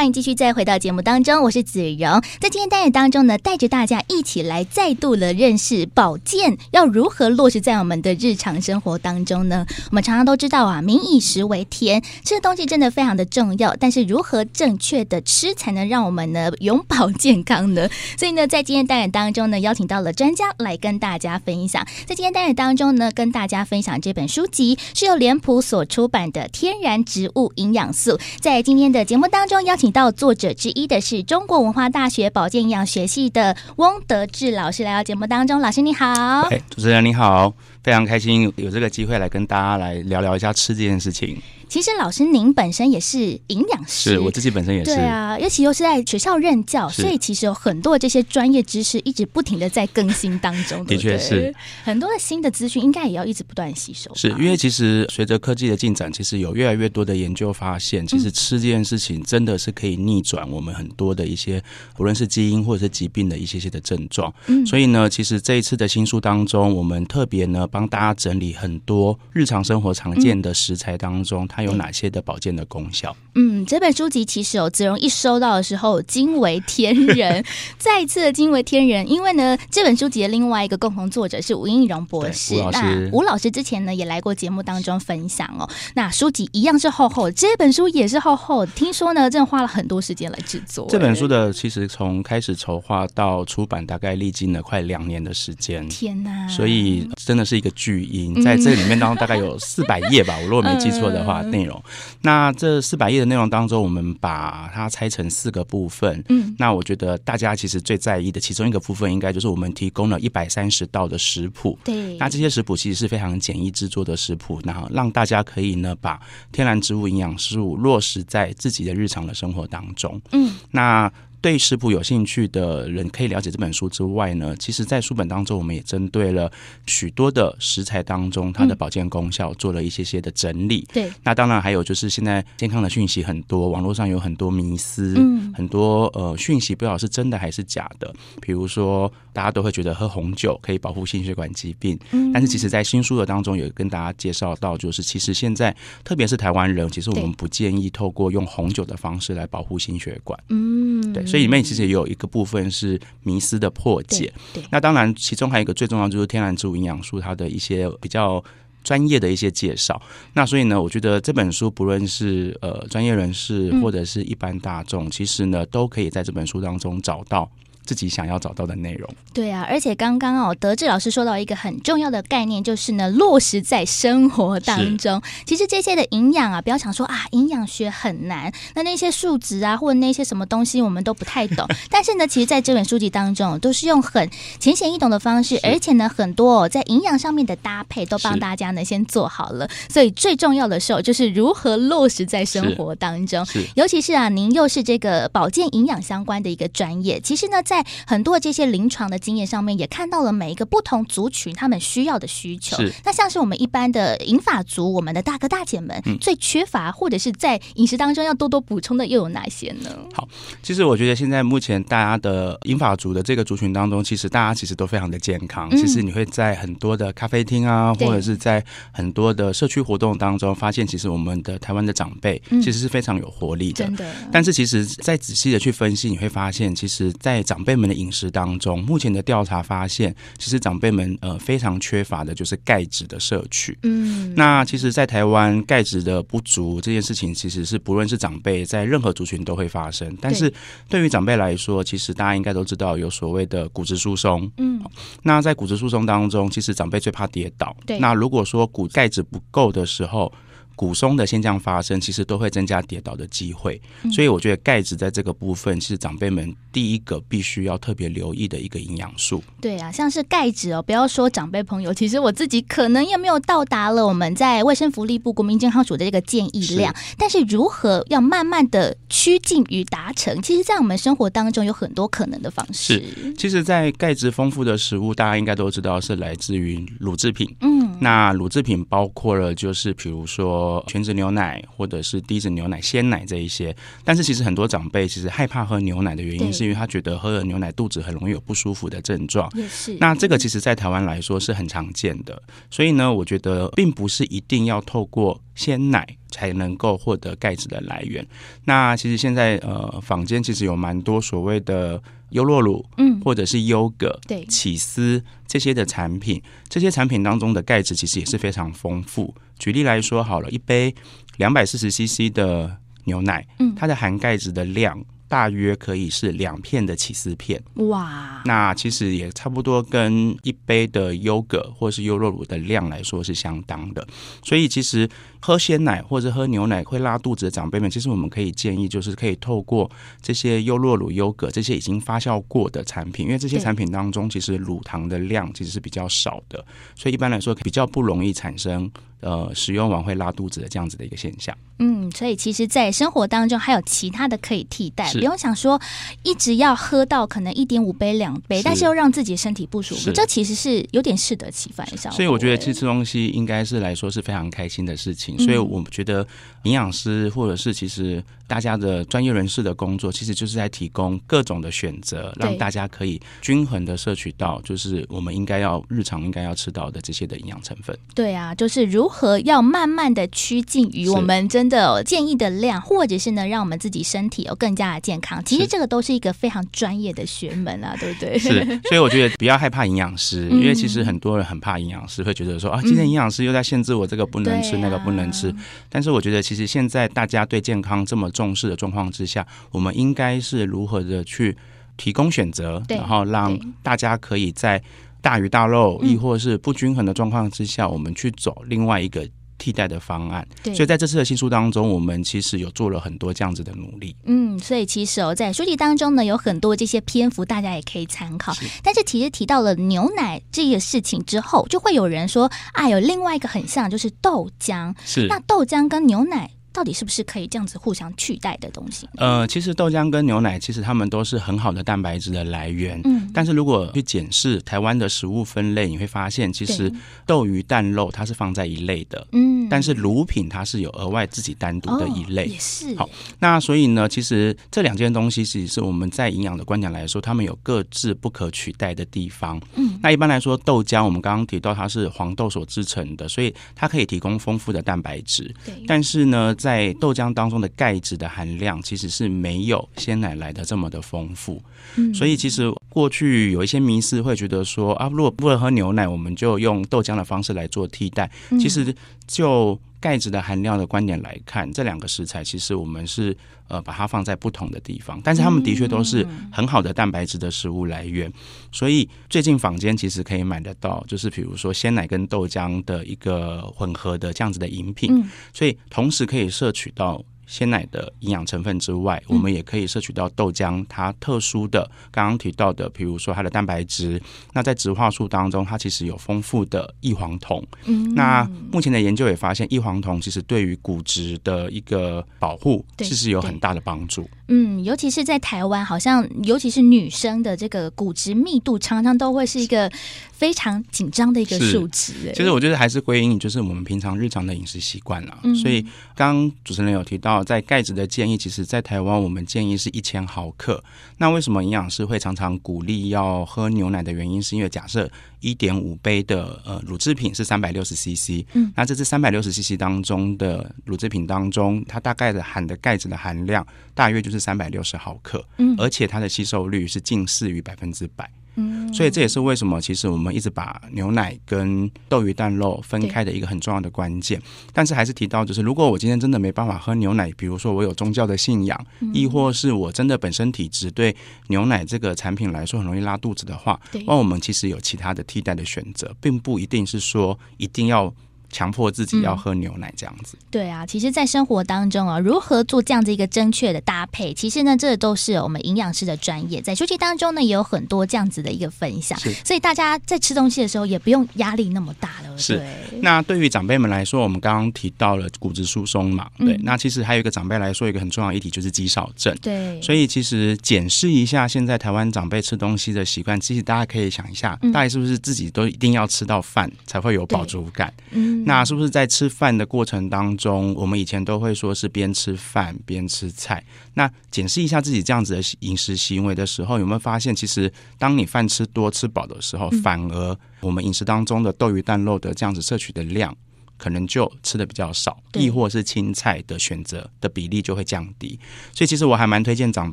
歡迎繼續再回到節目當中，我是子榮。在今天單元當中呢，帶着大家一起來再度的認識保健要如何落實在我們的日常生活當中呢？我們常常都知道啊，民以食為天，吃的東西真的非常的重要。但是如何正確的吃，才能讓我們呢永保健康呢？所以呢，在今天單元當中呢，邀請到了專家來跟大家分享。在今天單元當中呢，跟大家分享這本書籍是由臉譜所出版的《天然植物營養素》。在今天的節目當中，邀請到作者之一的是中國文化大學保健營養學系的翁德志老師來到節目當中，老師你好，哎、欸，主持人你好。非常開心有這個機會來跟大家來聊聊一下吃這件事情。其實老師您本身也是營養師，是我自己本身也是，對啊，尤其又是在學校任教，所以其實有很多這些專業知識一直不停的在更新當中， 的確是很多的新的資訊，應該也要一直不斷吸收。是因為其實隨着科技的進展，其實有越來越多的研究發現，其實吃這件事情真的是可以逆轉我們很多的一些，嗯、無論是基因或者是疾病的一些些的症狀。嗯，所以呢，其實這一次的新書當中，我們特別呢。幫大家整理很多日常生活常見的食材當中、嗯，它有哪些的保健的功效？嗯，這本書籍其實有子榮一收到的時候驚為天人， 再一次的驚為天人，因為呢，這本書籍的另外一個共同作者是吳映蓉博士吳老師那。吳老師之前呢也來過節目當中分享哦。那書籍一樣是厚厚的，這本書也是厚厚的。聽說呢，真的花了很多時間來制作。這本書的其實從開始籌劃到出版，大概歷經了快兩年的時間。天哪！所以真的是。一個巨嬰，在這裡面當中大概有四百頁吧， 我如果沒記錯的話，內容。那這四百頁的內容當中，我們把它拆成四個部分。嗯，那我覺得大家其實最在意的其中一個部分，應該就是我們提供了一百三十道的食譜。對，那這些食譜其實是非常簡易制作的食譜，然後讓大家可以呢把天然植物營養食物落實在自己的日常的生活當中。嗯，那。對食譜有興趣的人可以了解這本書之外呢，其實，在書本當中，我們也針對了許多的食材當中它的保健功效、嗯、做了一些些的整理。對，那當然還有就是現在健康的訊息很多，網絡上有很多迷思，嗯、很多呃訊息不知道是真的還是假的。比如說，大家都會覺得喝紅酒可以保護心血管疾病，嗯、但是其實，在新書的當中有跟大家介紹到，就是其實現在特別是台灣人，其實我們不建議透過用紅酒的方式來保護心血管。嗯。對，所以裡面其實也有一個部分是迷思的破解，嗯。那當然其中還有一個最重要就是天然植物營養素它的一些比較專業的一些介紹。那所以呢，我覺得這本書不論是呃專業人士或者是一般大眾，嗯、其實呢都可以在這本書當中找到。自己想要找到的內容，對啊，而且剛剛哦，德志老師說到一個很重要的概念，就是呢，落實在生活當中。其實這些的營養啊，不要想說啊，營養學很難，那那些數值啊，或者那些什麼東西，我們都不太懂。 但是呢，其實在這本書籍當中，都是用很淺顯易懂的方式，而且呢，很多哦，在營養上面的搭配都幫大家呢先做好了。所以最重要的時候就是如何落實在生活當中，尤其是啊，您又是這個保健營養相關的一個專業，其實呢，在在很多這些臨床的經驗上面，也看到了每一個不同族群他們需要的需求，是那像是我們一般的銀髮族，我們的大哥大姐們，嗯、最缺乏或者是在飲食當中要多多補充的，又有哪些呢？好，其實我覺得現在目前大家的銀髮族的這個族群當中，其實大家其實都非常的健康。嗯、其實你會在很多的咖啡廳啊，或者是在很多的社區活動當中，發現其實我們的台灣的長輩其實是非常有活力的。嗯、真的、啊，但是其實再仔細的去分析，你會發現，其實，在長輩，長輩們的飲食當中，目前的調查發現，其實長輩們呃非常缺乏的就是鈣質的攝取。嗯，那其實，在台灣鈣質的不足這件事情，其實是不論是長輩在任何族群都會發生。但是對於長輩來說，其實大家應該都知道有所謂的骨質疏鬆。嗯，那在骨質疏鬆當中，其實長輩最怕跌倒。對，那如果說骨鈣質不夠的時候，骨鬆的現象發生，其實都會增加跌倒的機會，所以我覺得鈣質在這個部分，嗯，是長輩們第一個必須要特別留意的一個營養素。對啊，像是鈣質哦，不要說長輩朋友，其實我自己可能也沒有到達了我們在衛生福利部國民健康署的這個建議量，但是如何要慢慢的趨近於達成，其實在我們生活當中有很多可能的方式。其實，在鈣質豐富的食物，大家應該都知道是來自於乳製品。嗯，那乳製品包括了，就是比如說。全脂牛奶或者是低脂牛奶、鮮奶這一些，但是其實很多長輩其實害怕喝牛奶的原因，是因為他覺得喝了牛奶肚子很容易有不舒服的症狀。也是，那這個其實在台灣來說是很常見的，嗯，所以呢，我覺得並不是一定要透過鮮奶才能夠獲得鈣質的來源。那其實現在呃，坊間其實有蠻多所謂的優酪乳，嗯，或者是優格、對、起司，這些的產品，這些產品當中的鈣質其實也是非常豐富。舉例來說好了，一杯兩百四十 CC 的牛奶，它的含鈣質的量。大約可以是兩片的起司片，哇，那其實也差不多跟一杯的優格或是優酪乳的量來說是相當的。所以其實喝鮮奶或者喝牛奶會拉肚子的長輩們，其實我們可以建議就是可以透過這些優酪乳、優格這些已經發酵過的產品，因為這些產品當中其實乳糖的量其實是比較少的，所以一般來說比較不容易產生。呃，使用完會拉肚子的這樣子的一個現象。嗯，所以其實，在生活當中還有其他的可以替代，不用想說一直要喝到可能一點五杯、兩杯，但是又讓自己身體不舒服，這其實是有點適得其反，所以我覺得吃吃東西應該是來說是非常開心的事情，嗯、所以我覺得營養師或者是其實。大家的專業人士的工作，其實就是在提供各種的選擇，讓大家可以均衡的攝取到，就是我們應該要日常應該要吃到的這些的營養成分。對啊，就是如何要慢慢的趨近於我們真的建議的量，或者是呢，讓我們自己身體有更加的健康。其實這個都是一個非常專業的學門啊，對不對？ 是，所以我覺得不要害怕營養師、嗯，因為其實很多人很怕營養師，會覺得說啊，今天營養師又在限制我這個不能吃、啊、那個不能吃。但是我覺得，其實現在大家對健康這麼重重視的狀況之下，我們應該是如何的去提供選擇，然後讓大家可以在大魚大肉亦，嗯，或是不均衡的狀況之下，我們去走另外一個替代的方案。對，所以在這次的新書當中，我們其實有做了很多這樣子的努力。嗯，所以其實哦，在書籍當中呢，有很多這些篇幅，大家也可以參考。但是其實提到了牛奶這個事情之後，就會有人說啊，有另外一個很像就是豆漿。是。那豆漿跟牛奶。到底是不是可以這樣子互相取代的東西？呃，其實豆漿跟牛奶，其實它們都是很好的蛋白質的來源。嗯，但是如果去檢視台灣的食物分類，你會發現，其實豆魚蛋肉它是放在一類的。嗯，但是乳品它是有額外自己單獨的一類。哦、也是好，那所以呢，其實這兩件東西，其實是我們在營養的觀點來說，它們有各自不可取代的地方。嗯，那一般來說，豆漿我們剛剛提到它是黃豆所製成的，所以它可以提供豐富的蛋白質。對、嗯，但是呢，在豆漿當中的鈣質的含量其實是沒有鮮奶來的這麼的豐富，嗯，所以其實過去有一些迷思會覺得說啊，如果不能喝牛奶，我們就用豆漿的方式來做替代，其實就。鈣質的含量的觀點來看，這兩個食材其實我們是呃把它放在不同的地方，但是它們的確都是很好的蛋白質的食物來源。所以最近坊間其實可以買得到，就是比如說鮮奶跟豆漿的一個混合的這樣子的飲品，所以同時可以攝取到。鮮奶的營養成分之外，我們也可以攝取到豆漿、嗯、它特殊的，剛剛提到的，比如說它的蛋白質。那在植化素當中，它其實有豐富的異黃酮。嗯，那目前的研究也發現，異黃酮其實對於骨質的一個保護，對，其實有很大的幫助。嗯，尤其是在台灣，好像尤其是女生的這個骨質密度，常常都會是一個非常緊張的一個數值。其實我覺得還是歸因於就是我們平常日常的飲食習慣了、啊嗯。所以，剛主持人有提到。在鈣質的建議，其實在台灣我們建議是一千毫克。那為什麼營養師會常常鼓勵要喝牛奶的原因，是因為假設一點五杯的呃乳製品是三百六十 CC，嗯，那這是三百六十 CC 當中的乳製品當中，它大概的含的鈣質的含量大約就是三百六十毫克，嗯，而且它的吸收率是近似於百分之百。嗯，所以這也是為什麼，其實我們一直把牛奶跟豆魚蛋肉分開的一個很重要的關鍵。但是還是提到，就是如果我今天真的沒辦法喝牛奶，比如說我有宗教的信仰，亦、嗯、或是我真的本身體質對牛奶這個產品來說很容易拉肚子的話，那我們其實有其他的替代的選擇，並不一定是說一定要。強迫自己要喝牛奶這樣子，嗯、對啊，其實，在生活當中啊，如何做這樣子一個正確的搭配，其實呢，這都是我們營養師的專業，在書籍當中呢，也有很多這樣子的一個分享，所以大家在吃東西的時候，也不用壓力那麼大了。是，那對於長輩們來說，我們剛剛提到了骨質疏鬆嘛，嗯、對，那其實還有一個長輩來說，一個很重要的議題就是肌少症。對，所以其實檢視一下現在台灣長輩吃東西的習慣，其實大家可以想一下，大家是不是自己都一定要吃到飯才會有飽足感？嗯，那是不是在吃飯的過程當中，嗯、我們以前都會說是邊吃飯邊吃菜？那檢視一下自己這樣子的飲食行為的時候，有沒有發現，其實當你飯吃多吃飽的時候，反而。我們飲食當中的豆魚蛋肉的這樣子攝取的量，可能就吃的比較少，亦或是青菜的選擇的比例就會降低。所以其實我還蠻推薦長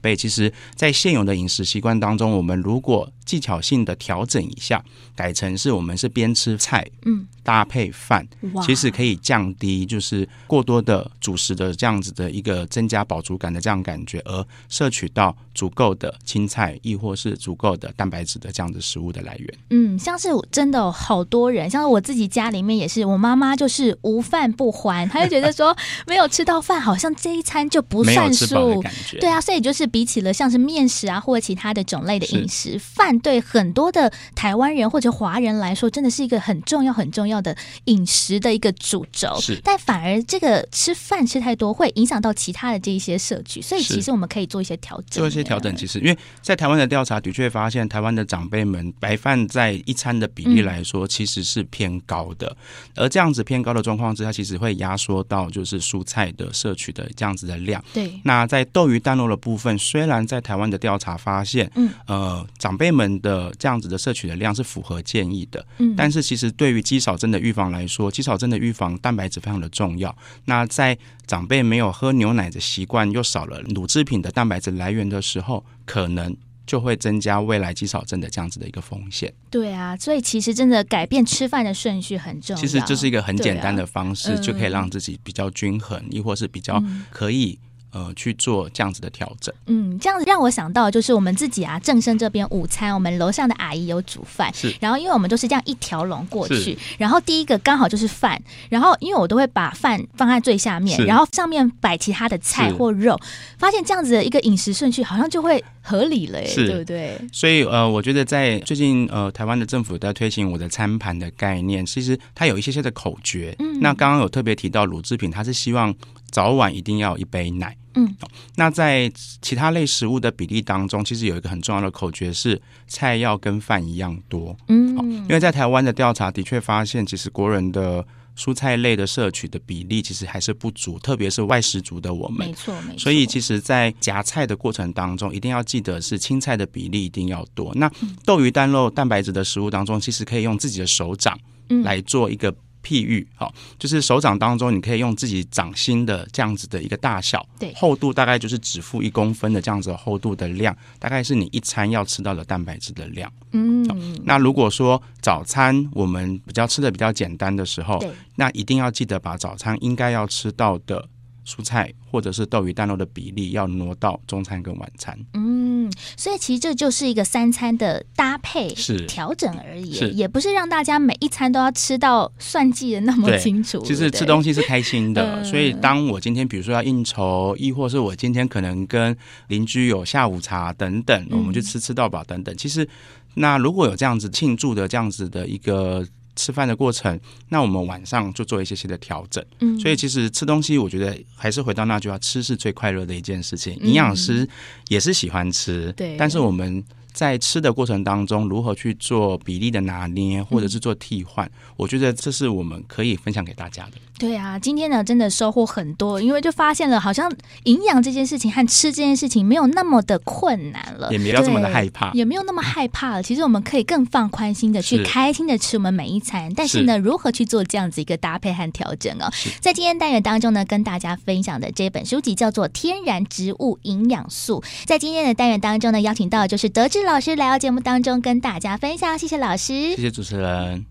輩，其實在現有的飲食習慣當中，我們如果技巧性的調整一下，改成是我們是邊吃菜，嗯，搭配飯，其實可以降低就是過多的主食的這樣子的一個增加飽足感的這樣感覺，而攝取到足夠的青菜，亦或是足夠的蛋白質的這樣子食物的來源。嗯，像是真的好多人，像是我自己家裡面也是，我媽媽就是。是無飯不歡，他就覺得說沒有吃到飯，好像這一餐就不算數。對啊，所以就是比起了像是麵食啊，或者其他的種類的飲食，飯對很多的台灣人或者華人來說，真的是一個很重要很重要的飲食的一個主軸。是，但反而這個吃飯吃太多，會影響到其他的這一些攝取。所以其實我們可以做一些調整，做一些調整。其實因為在台灣的調查的確發現，台灣的長輩們白飯在一餐的比例來說、嗯，其實是偏高的，而這樣子偏。高的狀況之下，其實會壓縮到就是蔬菜的攝取的這樣子的量。對，那在豆魚蛋肉的部分，雖然在台灣的調查發現，嗯，呃，長輩們的這樣子的攝取的量是符合建議的，嗯，但是其實對於肌少症的預防來說，肌少症的預防蛋白質非常的重要。那在長輩沒有喝牛奶的習慣，又少了乳制品的蛋白質來源的時候，可能。就會增加未來肌少症的這樣子的一個風險。對啊，所以其實真的改變吃飯的順序很重要。其實這是一個很簡單的方式，啊，就可以讓自己比較均衡，亦、嗯、或是比較可以。呃，去做這樣子的調整。嗯，這樣子讓我想到就是我們自己啊，正生這邊午餐，我們樓上的阿姨有煮飯。是，然後因為我們都是這樣一條龍過去，然後第一個剛好就是飯，然後因為我都會把飯放在最下面，然後上面擺其他的菜或肉，發現這樣子的一個飲食順序好像就會合理了耶，是對不對？所以呃，我覺得在最近呃，台灣的政府在推行我的餐盤的概念，其實它有一些些的口訣。嗯、嗯，那剛剛有特別提到乳製品，它是希望早晚一定要有一杯奶。嗯，那在其他類食物的比例當中，其實有一個很重要的口訣是菜要跟飯一樣多。嗯，因為在台灣的調查的確發現，其實國人的蔬菜類的攝取的比例其實還是不足，特別是外食族的我們，沒錯沒錯。所以其實，在夾菜的過程當中，一定要記得是青菜的比例一定要多。那豆魚蛋肉蛋白質的食物當中，其實可以用自己的手掌來做一個。譬喻，好，就是手掌當中，你可以用自己掌心的這樣子的一個大小，對，厚度大概就是指腹一公分的這樣子厚度的量，大概是你一餐要吃到的蛋白質的量。嗯，那如果說早餐我們比較吃的比較簡單的時候，對，那一定要記得把早餐應該要吃到的。蔬菜或者是豆魚蛋肉的比例要挪到中餐跟晚餐。嗯，所以其實這就是一個三餐的搭配是調整而已，也不是讓大家每一餐都要吃到算計的那麼清楚。其實吃東西是開心的、嗯，所以當我今天比如說要應酬，亦、嗯、或是我今天可能跟鄰居有下午茶等等，我們就吃吃到飽等等。嗯、其實那如果有這樣子慶祝的這樣子的一個。吃飯的過程，那我們晚上就做一些些的調整。嗯，所以其實吃東西，我覺得還是回到那句話，吃是最快樂的一件事情、嗯。營養師也是喜歡吃，對，但是我們。在吃的過程當中，如何去做比例的拿捏，或者是做替換、嗯，我覺得這是我們可以分享給大家的。對啊，今天呢，真的收穫很多，因為就發現了好像營養這件事情和吃這件事情沒有那麼的困難了，也沒有這麼的害怕，也沒有那麼害怕了。 其實我們可以更放寬心的去開心的吃我們每一餐，是。但是呢，如何去做這樣子一個搭配和調整啊、哦？在今天單元當中呢，跟大家分享的這本書籍叫做《天然植物營養素》。在今天的單元當中呢，邀請到的就是德志，老師來到節目當中，跟大家分享，謝謝老師，謝謝主持人。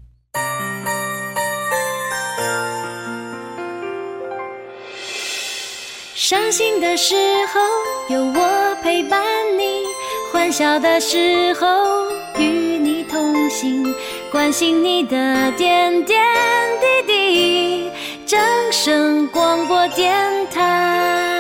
傷心的時候有我陪伴你，歡笑的時候與你同行，關心你的點點滴滴。正聲廣播電台。